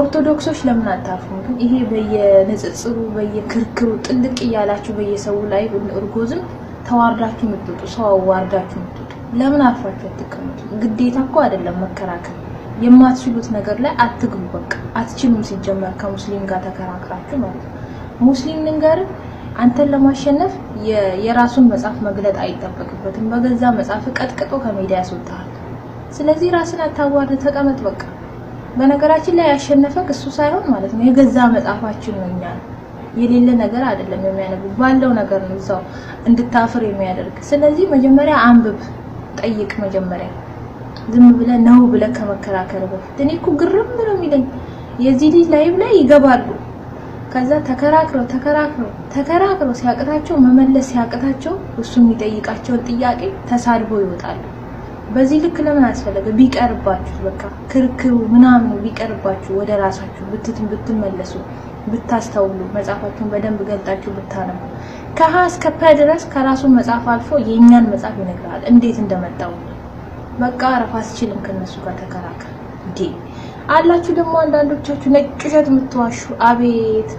ኦርቶዶክሶች ለምን አታፍሩም? ግን ይሄ በየንጽጽሩ በየክርክሩ ጥልቅ እያላችሁ በየሰው ላይ እርጎዝም ተዋርዳችሁ የምትወጡ ሰው አዋርዳችሁ የምትወጡ ለምን አርፋችሁ አትቀመጡ? ግዴታ እኮ አይደለም መከራከር። የማትችሉት ነገር ላይ አትግቡ። በቃ አትችሉም። ሲጀመር ከሙስሊም ጋር ተከራክራችሁ ማለት ነው። ሙስሊም ንንገር አንተን ለማሸነፍ የራሱን መጽሐፍ መግለጥ አይጠበቅበትም። በገዛ መጽሐፍ ቀጥቅጦ ከሜዳ ያስወጣሃል። ስለዚህ ራስን አታዋርድ። ተቀመጥ በቃ በነገራችን ላይ ያሸነፈክ እሱ ሳይሆን ማለት ነው የገዛ መጽሐፋችን ነው። እኛ የሌለ ነገር አይደለም የሚያነቡ ባለው ነገር ነው እዛው እንድታፍር የሚያደርግ። ስለዚህ መጀመሪያ አንብብ፣ ጠይቅ። መጀመሪያ ዝም ብለ ነው ብለ ከመከራከር በፊት እኔ እኮ ግርም ነው የሚለኝ የዚህ ልጅ ላይብ ላይ ይገባሉ። ከዛ ተከራክረው ተከራክረው ተከራክረው ሲያቅታቸው መመለስ ሲያቅታቸው እሱ የሚጠይቃቸውን ጥያቄ ተሳድቦ ይወጣሉ። በዚህ ልክ ለምን አስፈለገ? ቢቀርባችሁ በቃ ክርክሩ ምናምኑ ቢቀርባችሁ ወደ ራሳችሁ ብትትን ብትመለሱ ብታስተውሉ መጽሐፋችሁን በደንብ ገልጣችሁ ብታነቡ ከሀ እስከ ፐ ድረስ ከራሱ መጽሐፍ አልፎ የእኛን መጽሐፍ ይነግራል። እንዴት እንደመጣው በቃ አረፋ አስችልም ከነሱ ጋር ተከራከር እንዴ አላችሁ። ደግሞ አንዳንዶቻችሁ ነጭ ውሸት የምትዋሹ አቤት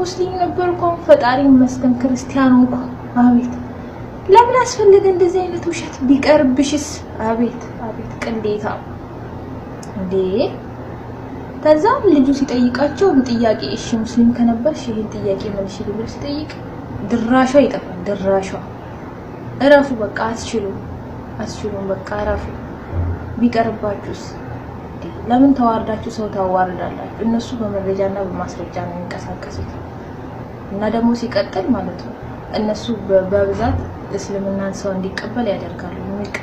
ሙስሊም ነበር ፈጣሪ ይመስገን ክርስቲያኑ እንኳ አቤት ለምን አስፈልገ እንደዚህ አይነት ውሸት? ቢቀርብሽስ? አቤት አቤት ቅንዴታ እንዴ! ከዛም ልጁ ሲጠይቃቸው ጥያቄ እሺ ሙስሊም ከነበርሽ ይህን ጥያቄ መልሽ ብሎ ሲጠይቅ ድራሿ ይጠፋል። ድራሿ እረፉ፣ በቃ አስችሉ፣ አስችሉም፣ በቃ እረፉ። ቢቀርባችሁስ? ለምን ተዋርዳችሁ ሰው ታዋርዳላችሁ? እነሱ በመረጃና በማስረጃ ነው የሚንቀሳቀሱት እና ደግሞ ሲቀጥል ማለት ነው እነሱ በብዛት እስልምናን ሰው እንዲቀበል ያደርጋሉ።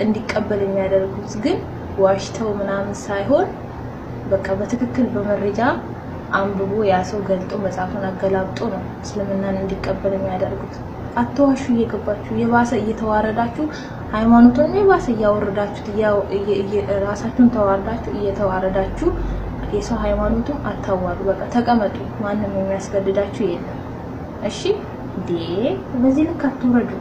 እንዲቀበል የሚያደርጉት ግን ዋሽተው ምናምን ሳይሆን በቃ በትክክል በመረጃ አንብቦ ያ ሰው ገልጦ መጽሐፉን አገላብጦ ነው እስልምናን እንዲቀበል የሚያደርጉት። አትዋሹ። እየገባችሁ የባሰ እየተዋረዳችሁ ሃይማኖቱን የባሰ እያወረዳችሁት ራሳችሁን ተዋርዳችሁ እየተዋረዳችሁ የሰው ሃይማኖቱን አታዋሩ። በቃ ተቀመጡ። ማንም የሚያስገድዳችሁ የለም። እሺ ዴ በዚህ ልክ አትውረዱ።